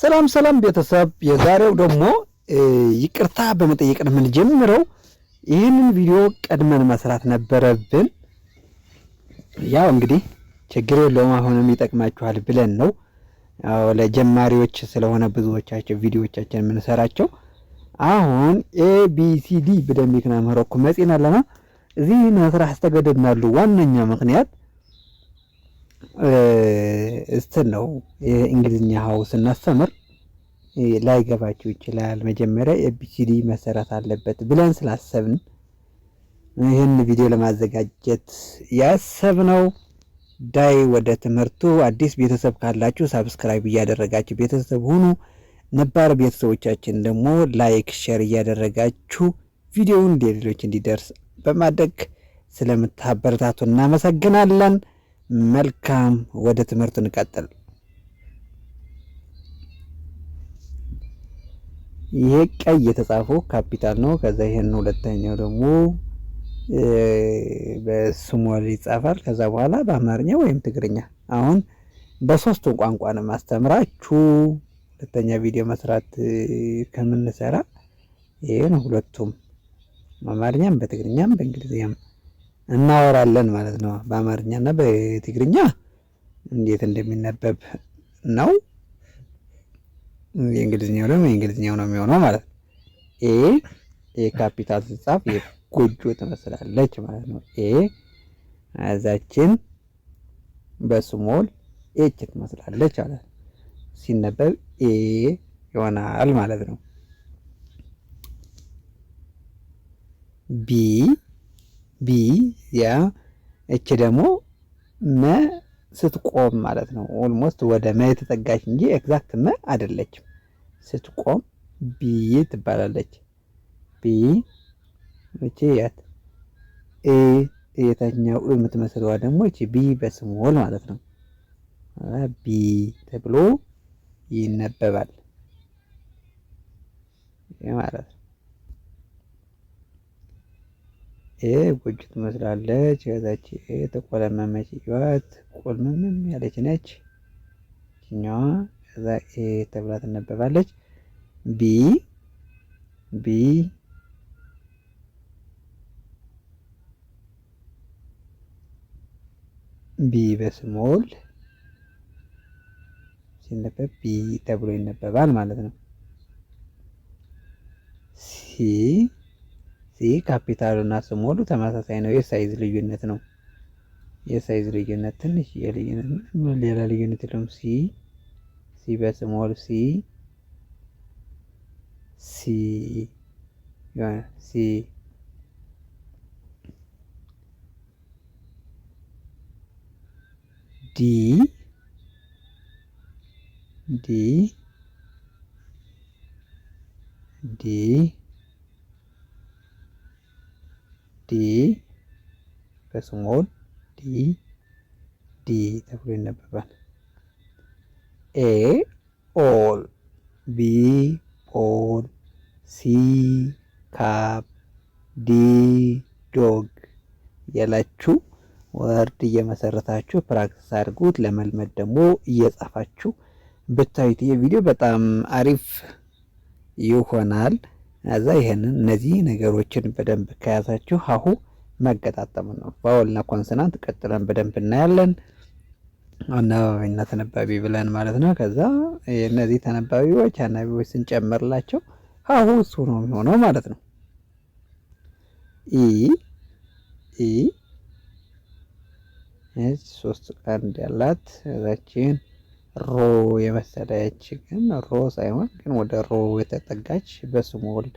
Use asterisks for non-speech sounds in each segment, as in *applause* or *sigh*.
ሰላም ሰላም ቤተሰብ፣ የዛሬው ደግሞ ይቅርታ በመጠየቅ ነው የምንጀምረው። ይህንን ቪዲዮ ቀድመን መስራት ነበረብን። ያው እንግዲህ ችግር የለውም አሁንም ይጠቅማችኋል ብለን ነው ለጀማሪዎች ስለሆነ ብዙዎቻቸው ቪዲዮዎቻችን የምንሰራቸው። አሁን ኤቢሲዲ ብደሚክ ናምህሮ እኮ መጺና ለና እዚህ መስራት ተገደድናሉ። ዋነኛ ምክንያት ስትል ነው የእንግሊዝኛ ሀው ስናስተምር ላይገባችሁ ይችላል። መጀመሪያ ኤቢሲዲ መሰረት አለበት ብለን ስላሰብን ይህን ቪዲዮ ለማዘጋጀት ያሰብነው። ዳይ ወደ ትምህርቱ አዲስ ቤተሰብ ካላችሁ ሳብስክራይብ እያደረጋችሁ ቤተሰብ ሁኑ። ነባር ቤተሰቦቻችን ደግሞ ላይክ፣ ሼር እያደረጋችሁ ቪዲዮውን ለሌሎች እንዲደርስ በማድረግ ስለምታበረታቱ እናመሰግናለን። መልካም ወደ ትምህርት እንቀጥል። ይሄ ቀይ የተጻፈው ካፒታል ነው። ከዛ ይሄን ሁለተኛው ደግሞ በሶማሌ ይጻፋል። ከዛ በኋላ በአማርኛ ወይም ትግርኛ። አሁን በሶስቱም ቋንቋ ነው ማስተምራችሁ። ሁለተኛ ቪዲዮ መስራት ከምንሰራ ይሄን ሁለቱም አማርኛም በትግርኛም በእንግሊዝኛም እናወራለን ማለት ነው። በአማርኛ እና በትግርኛ እንዴት እንደሚነበብ ነው። የእንግሊዝኛው ደግሞ የእንግሊዝኛው ነው የሚሆነው ማለት ነው። ኤ ኤ ካፒታል ስትጻፍ የጎጆ ትመስላለች ማለት ነው። ኤ አዛችን በስሞል ኤች ትመስላለች ማለት ነው። ሲነበብ ኤ ይሆናል ማለት ነው። ቢ ቢ ያ እች ደግሞ መ ስትቆም ማለት ነው። ኦልሞስት ወደ መ የተጠጋች እንጂ ኤግዛክት መ አይደለችም። ስትቆም ቢ ትባላለች። ቢ እቺ ያት ኤ የታኛው የምትመስለዋ ደግሞ እቺ ቢ በስሞል ማለት ነው። ቢ ተብሎ ይነበባል ማለት ነው። ጎጆ ትመስላለች። ከዛች ተቆለመመች እዩዋት፣ ቆልምምም ያለች ነች ኛዋ። ከዛ ኤ ተብላ ትነበባለች። ቢ ቢ ቢ በስሞል ሲነበብ ቢ ተብሎ ይነበባል ማለት ነው። ሲ ይህ ካፒታሉና ስሞሉ ተመሳሳይ ነው። የሳይዝ ልዩነት ነው። የሳይዝ ልዩነት ትንሽ ሌላ ልዩነት የለውም። ሲ ሲ በስሞል ሲ ሲ ሲ ዲ ዲ ዲ በስሞል ዲ ዲ ተብሎ ይነበባል። ኤ ኦል፣ ቢ ቦል፣ ሲ ካብ፣ ዲ ዶግ እያላችሁ ወርድ እየመሰረታችሁ ፕራክቲስ አድርጉት። ለመልመድ ደግሞ እየጻፋችሁ ብታዩት ይህ ቪዲዮ በጣም አሪፍ ይሆናል። እዛ ይሄንን እነዚህ ነገሮችን በደንብ ከያዛችሁ ሀሁ መገጣጠምን ነው። ቫወልና ኮንስናንት ቀጥለን በደንብ እናያለን። አናባቢና ተነባቢ ብለን ማለት ነው። ከዛ እነዚህ ተነባቢዎች አናባቢዎች ስንጨምርላቸው ሀሁ እሱ ነው የሚሆነው ማለት ነው። ኢ ኢ ሶስት አንድ ያላት እዛችን ሮ የመሰለች ግን ሮ ሳይሆን ግን ወደ ሮ የተጠጋች በስሞል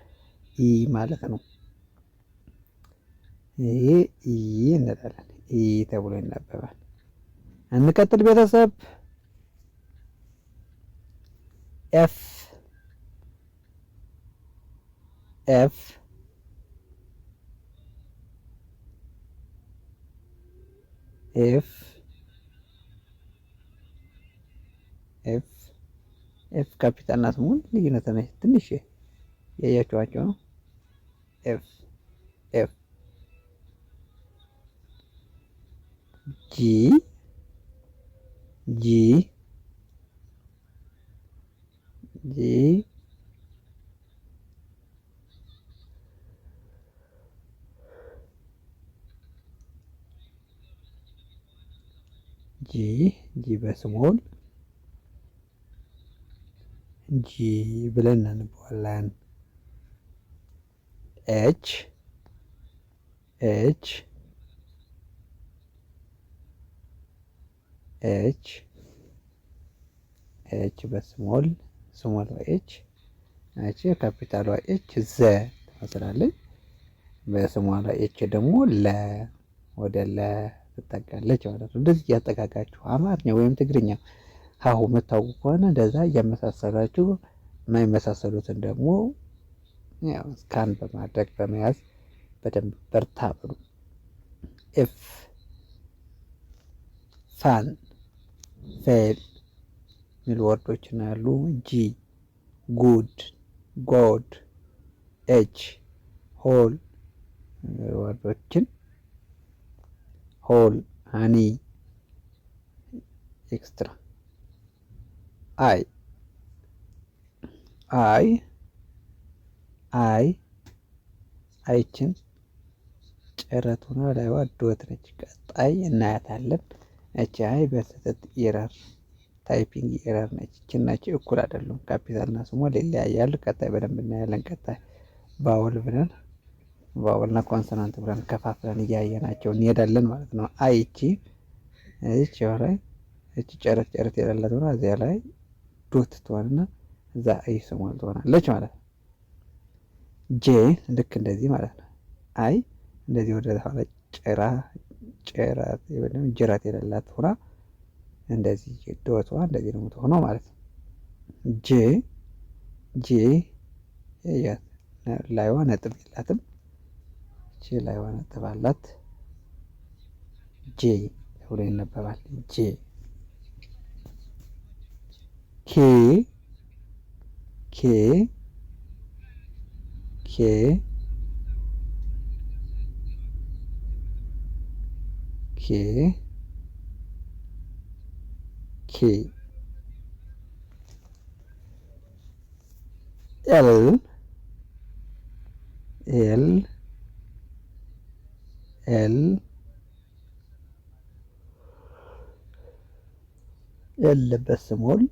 ኢ ማለት ነው። ይሄ ኢ እንላለን። ኢ ተብሎ ይነበባል። እንቀጥል ቤተሰብ ኤፍ ኤፍ ኤፍ ኤፍ ኤፍ ካፒታል ናት ሙሉ ልዩነት ነች። ትንሽ ያያችኋቸው ነው። ኤፍ ኤፍ ጂ ጂ ጂ ጂ ጂ በስሞል ጂ ብለን እናንበዋለን። ኤች ኤች ኤች ኤች በስሞል ስሞል ኤች ኤች ካፒታሏ ኤች ዘ ትመስላለች። በስሟላ ኤች ደግሞ ለ ወደ ለ ትጠጋለች ማለት ነው። እንደዚህ እያጠጋጋችሁ አማርኛ ወይም ትግርኛ ሀሁ የምታውቁ ከሆነ እንደዛ እያመሳሰላችሁ የማይመሳሰሉትን ደግሞ ስካን በማድረግ በመያዝ በደንብ በርታ ብሉ። ኤፍ ፋን ፌል የሚሉ ወርዶችን አሉ። ጂ ጉድ፣ ጎድ፣ ኤች ሆል ወርዶችን ሆል፣ ሃኒ ኤክስትራ አይ አይ አይ አይችን ጭረቱና ላይዋ ዶት ነች። ቀጣይ እናያታለን። እቺ አይ በስህተት ኤረር ታይፒንግ ኤረር ነች። እችናች እኩል አይደሉም። ካፒታልና ስሟ ይለያያሉ። ቀጣይ በደንብ እናያለን። ቀጣይ ባወል ብለን ባወልና ኮንሶናንት ብለን ከፋፍለን እያየናቸው እንሄዳለን ማለት ነው። አይ እቺ ላይ እቺ ጨረት ጨረት የሌላት ሆና እዚያ ላይ ዶት ትሆንና እዛ አይ ስሟል ትሆናለች ማለት ነው። ጄ ልክ እንደዚህ ማለት ነው። አይ እንደዚህ ወደ ኋላ ጭራ ጭራት ወይም ጅራት የሌላት ሆና እንደዚህ ዶቷ እንደዚህ ነው የምትሆነው ማለት ነው። ጄ ጄ ላይዋ ነጥብ የላትም። ጄ ላይዋ ነጥብ አላት። ጄ ተብሎ ይነበባል። ጄ K K K K K L L L L بس مول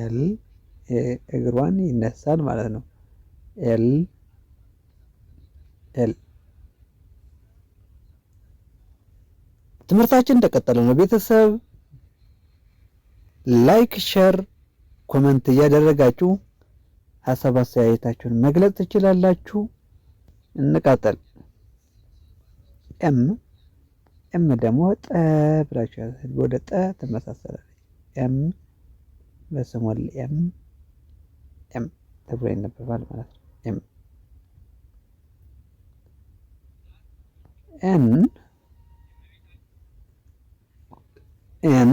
ኤል እግሯን ይነሳል ማለት ነው። ኤል ኤል ትምህርታችን እንደቀጠለ ነው። ቤተሰብ ላይክ፣ ሸር፣ ኮመንት እያደረጋችሁ ሀሳብ አስተያየታችሁን መግለጽ ትችላላችሁ። እንቀጥል። ኤም ኤም ደግሞ ጠ ብላችሁ ወደ ጠ ትመሳሰላለች። ኤም በስሞል ኤም ኤም ተብሎ ይነበባል ማለት ነው። ኤም ኤን ኤን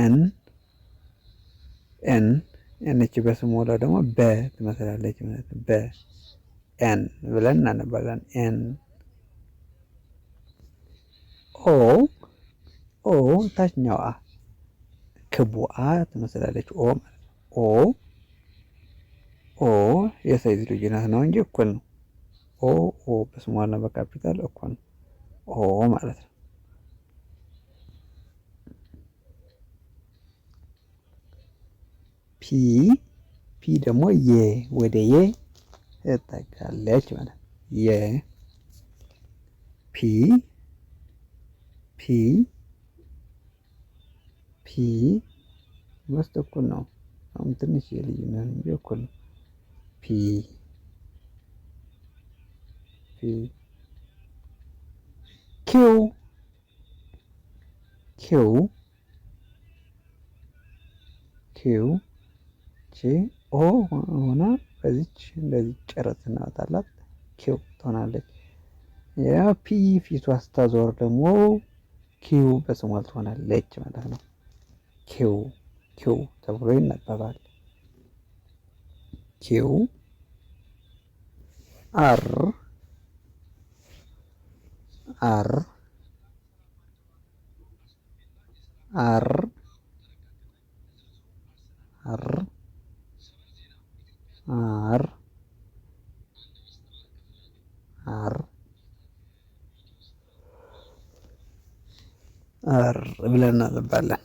ኤን ኤን ኤንች በስሞላ ደግሞ በ ትመስላለች ማለት ነው። በ ኤን ብለን እናነባለን። ኤን ኦ ኦ ታችኛው አ ክቡአ ትመስላለች ኦ ማለት ነው። ኦ ኦ የሳይዝ ልዩነት ነው እንጂ እኩል ነው። ኦ ኦ በስሟና በካፒታል እኩል ነው። ኦ ማለት ነው። ፒ ፒ ደግሞ የ ወደ የ ትጠጋለች ማለት ነው። የ ፒ ፒ ፒ ውስጥ እኩል ነው። አሁን ትንሽ የልዩነት እንጂ እኩል ፒ ፒ ኪው ኪው ኪው ቺ ኦ ሆና በዚች እንደዚህ ጨረት እናወጣላት ኪው ትሆናለች። ያ ፒ ፊቷ ስታዞር ደግሞ ኪው በስሟል ትሆናለች ማለት ነው። ኪው ኪው ተብሎ ይነበባል። ኪው አር አር አር አር አር አር አር ብለን እናነባለን።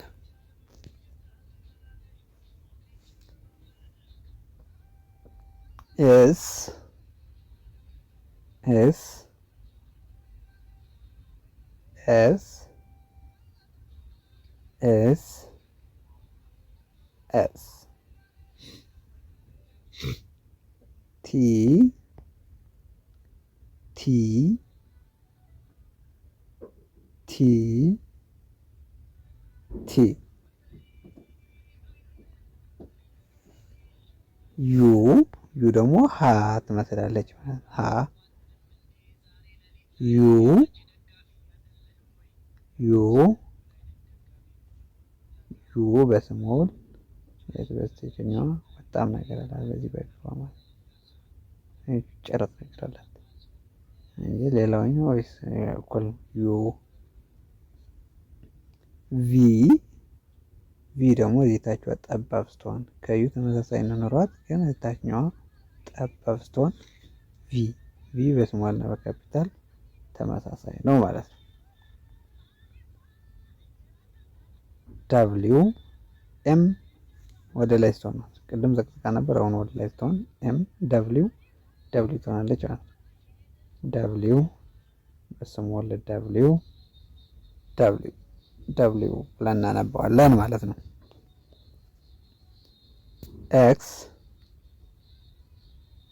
S S S S S T T T T U ዩ ደግሞ ሀ ትመስላለች። ሀ ዩ ዩ ዩ በስሞል በስተኛዋ በጣም ነገር አላት። በዚህ በግሯ ጨረት ጨረጥ ነገር አላት እንጂ ሌላውኛው ወይስ እኩል ዩ ቪ ቪ ደግሞ እዚህ ጠባብ ስትሆን ከዩ ተመሳሳይ እንኖሯት ግን ታችኛዋ ጠባብ ስትሆን ቪ ቪ እና በካፒታል ተመሳሳይ ነው ማለት ነው። ዳብሊው ኤም ወደ ላይ ስትሆን ነው። ቅድም ዘቅዝቃ ነበር። አሁን ወደ ላይ ስትሆን ኤም ዳብሊው ዳብሊው ትሆናለች ማለት ነው። ዳብሊው በስሙ ወለ ዳብሊው ዳብሊው ዳብሊው ብለን እናነባዋለን ማለት ነው። ኤክስ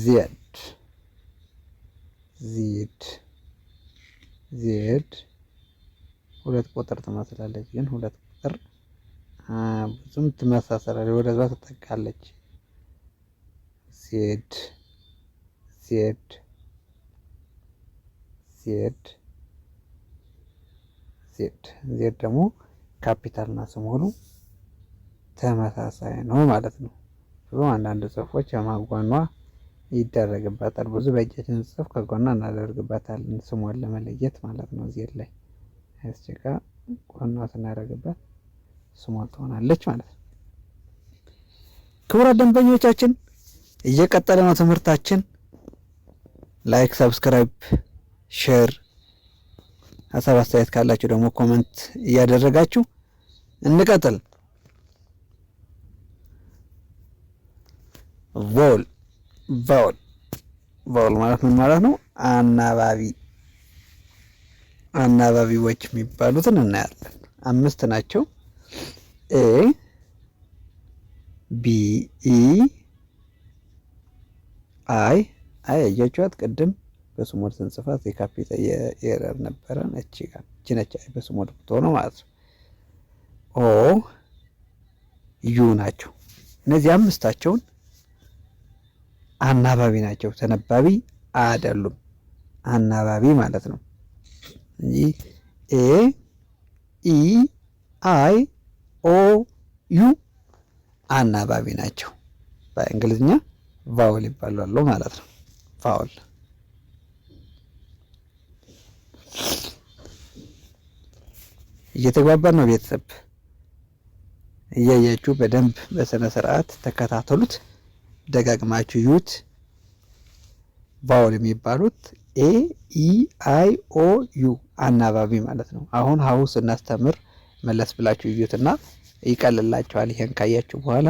ዜድ ዜድ ዜድ ሁለት ቁጥር ትመስላለች፣ ግን ሁለት ቁጥር ብዙም ትመሳሰላለች፣ ወደዛ ትጠቃለች። ዜድ ዜድ ዜድ ዜድ ዜድ ደግሞ ካፒታልና ስሞሉ ተመሳሳይ ነው ማለት ነው። አንዳንድ ጽሁፎች የማጓኗ ይደረግበታል። ብዙ በእጃችን ጽፍ ከጎና እናደርግበታለን ስሟን ለመለየት ማለት ነው። እዚህ ላይ እዚህ ጋር ጎኗ ስናደርግበት ስሟን ትሆናለች ማለት ነው። ክቡራት ደንበኞቻችን እየቀጠለ ነው ትምህርታችን። ላይክ፣ ሰብስክራይብ፣ ሼር ሀሳብ አስተያየት ካላችሁ ደግሞ ኮመንት እያደረጋችሁ እንቀጥል ቮል ቫውል ቫውል ማለት ምን ማለት ነው? አናባቢ አናባቢዎች የሚባሉትን እናያለን። አምስት ናቸው። ኤ ቢ ኢ አይ አይ አያችኋት? ቅድም በስሞድ ስንጽፋት የካፒታ የኤረር ነበረን። እቺ ጋር እቺ ነች አይ በስሞድ ብትሆነ ማለት ነው። ኦ ዩ ናቸው እነዚህ አምስታቸውን አናባቢ ናቸው፣ ተነባቢ አይደሉም። አናባቢ ማለት ነው እንጂ ኤ ኢ አይ ኦ ዩ አናባቢ ናቸው። በእንግሊዝኛ ቫውል ይባላሉ ማለት ነው። ቫውል እየተግባባን ነው ቤተሰብ። እያያችሁ በደንብ በስነ ስርዓት ተከታተሉት። ደጋግማችሁ ዩት ቫውል የሚባሉት ኤ ኢ አይ ኦ ዩ አናባቢ ማለት ነው። አሁን ሀሁ ስናስተምር መለስ ብላችሁ እዩትና ይቀልላችኋል። ይሄን ካያችሁ በኋላ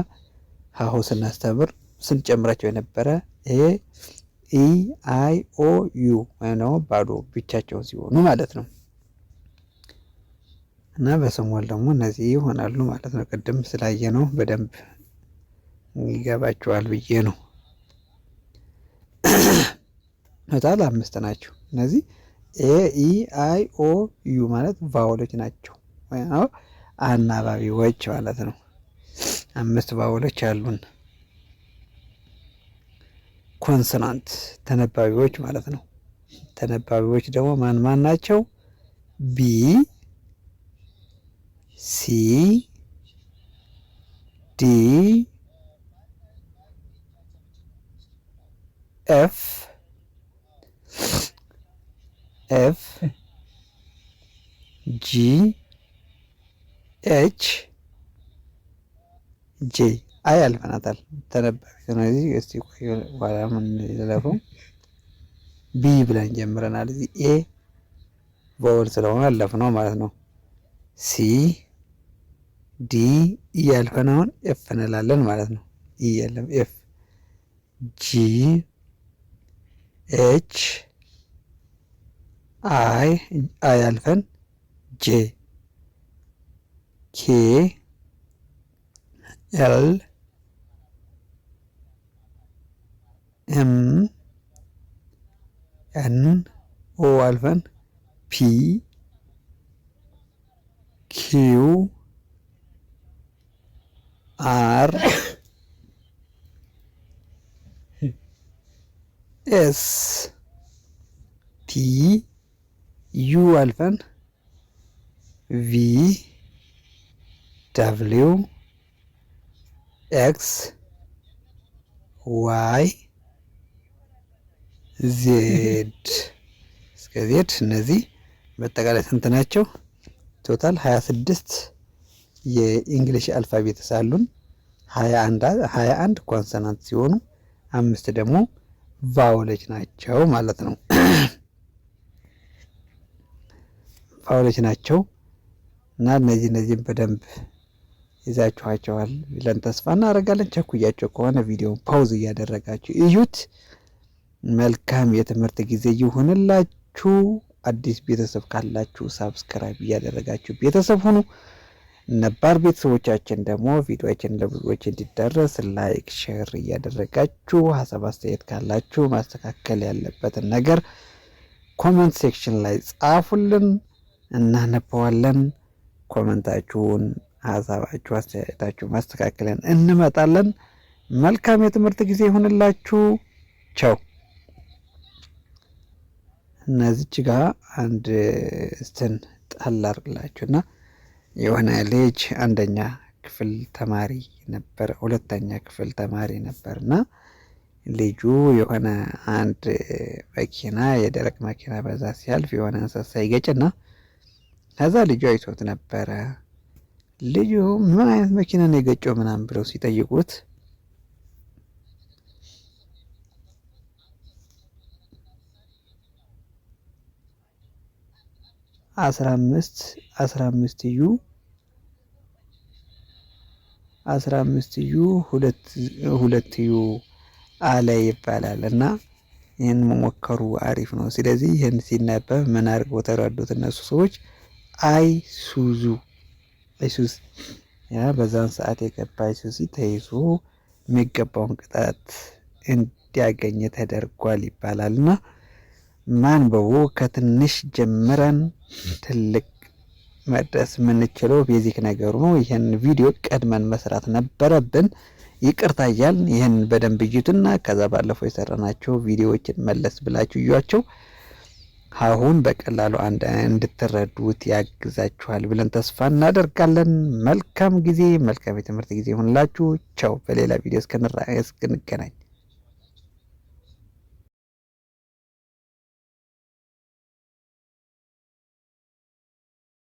ሀሁ ስናስተምር ስንጨምራቸው የነበረ ኤ ኢ አይ ኦ ዩ ወይም ደግሞ ባዶ ብቻቸውን ሲሆኑ ማለት ነው። እና በስሞል ደግሞ እነዚህ ይሆናሉ ማለት ነው። ቅድም ስላየ ነው በደንብ ይገባቸዋል ብዬ ነው። ቶታል አምስት ናቸው። እነዚህ ኤ ኢ አይ ኦ ዩ ማለት ቫውሎች ናቸው፣ አናባቢዎች ማለት ነው። አምስት ቫውሎች አሉን። ኮንሶናንት ተነባቢዎች ማለት ነው። ተነባቢዎች ደግሞ ማን ማን ናቸው? ቢ ሲ ዲ ኤፍ ኤፍ ጂ ኤች ጄ አይ አልፈናታል። ተነባቢ ስለዚህ እስቲ ቆይ በኋላ ምን ይለፉ ቢ ብለን ጀምረናል። እዚህ ኤ ስለሆነ አለፍ ነው ማለት ነው። ሲ ዲ እያልፈን አሁን ኤፍ እንላለን ማለት ነው። ኢ የለም ኤፍ ጂ ኤች አይ አይ አልፈን ጄ ኬ ኤል ኤም ኤን ኦ አልፈን ፒ ኪው አር ኤስ ቲ ዩ አልፈን ቪ ዳብሊው ኤክስ ዋይ ዜድ እስከ ዜድ። እነዚህ በአጠቃላይ ስንት ናቸው? ቶታል 26 የእንግሊሽ አልፋቤት አሉን 21 21 ኮንሶናንት ሲሆኑ አምስት ደግሞ ቫውሎች ናቸው ማለት ነው። *clears throat* ቫውሎች ናቸው እና እነዚህ እነዚህም በደንብ ይዛችኋቸዋል ብለን ተስፋ እናደርጋለን። ቸኩያቸው ከሆነ ቪዲዮን ፓውዝ እያደረጋችሁ እዩት። መልካም የትምህርት ጊዜ ይሁንላችሁ። አዲስ ቤተሰብ ካላችሁ ሳብስክራይብ እያደረጋችሁ ቤተሰብ ሁኑ። ነባር ቤተሰቦቻችን ደግሞ ቪዲዮችን ለብዙዎች እንዲደረስ ላይክ፣ ሼር እያደረጋችሁ ሀሳብ አስተያየት ካላችሁ ማስተካከል ያለበትን ነገር ኮመንት ሴክሽን ላይ ጻፉልን፣ እናነበዋለን። ኮመንታችሁን፣ ሀሳባችሁ፣ አስተያየታችሁ ማስተካከለን እንመጣለን። መልካም የትምህርት ጊዜ ይሁንላችሁ። ቸው እነዚች ጋር አንድ ስትን ጣል የሆነ ልጅ አንደኛ ክፍል ተማሪ ነበር፣ ሁለተኛ ክፍል ተማሪ ነበር እና ልጁ የሆነ አንድ መኪና የደረቅ መኪና በዛ ሲያልፍ የሆነ እንስሳ ይገጭና ከዛ ልጁ አይቶት ነበረ። ልጁ ምን አይነት መኪና ነው የገጨው ምናምን ብለው ሲጠይቁት አስራ አምስት አስራ አምስት ዩ አስራ አምስት ዩ ሁለት ዩ አለ ይባላል እና ይህን መሞከሩ አሪፍ ነው። ስለዚህ ይህን ሲነበብ ምን አድርገው ተረዱት እነሱ ሰዎች አይሱዙ አይሱዝ በዛን ሰዓት የገባ አይሱዚ ተይዞ የሚገባውን ቅጣት እንዲያገኝ ተደርጓል ይባላል እና ማንበቡ ከትንሽ ጀምረን ትልቅ መድረስ የምንችለው ቤዚክ ነገሩ ነው። ይህን ቪዲዮ ቀድመን መስራት ነበረብን። ይቅርታ እያልን ይህን በደንብ እዩትና ከዛ ባለፈው የሰራናቸው ቪዲዮዎችን መለስ ብላችሁ እዩዋቸው። አሁን በቀላሉ አንድ እንድትረዱት ያግዛችኋል ብለን ተስፋ እናደርጋለን። መልካም ጊዜ፣ መልካም የትምህርት ጊዜ ይሁንላችሁ። ቸው በሌላ ቪዲዮ እስክንገናኝ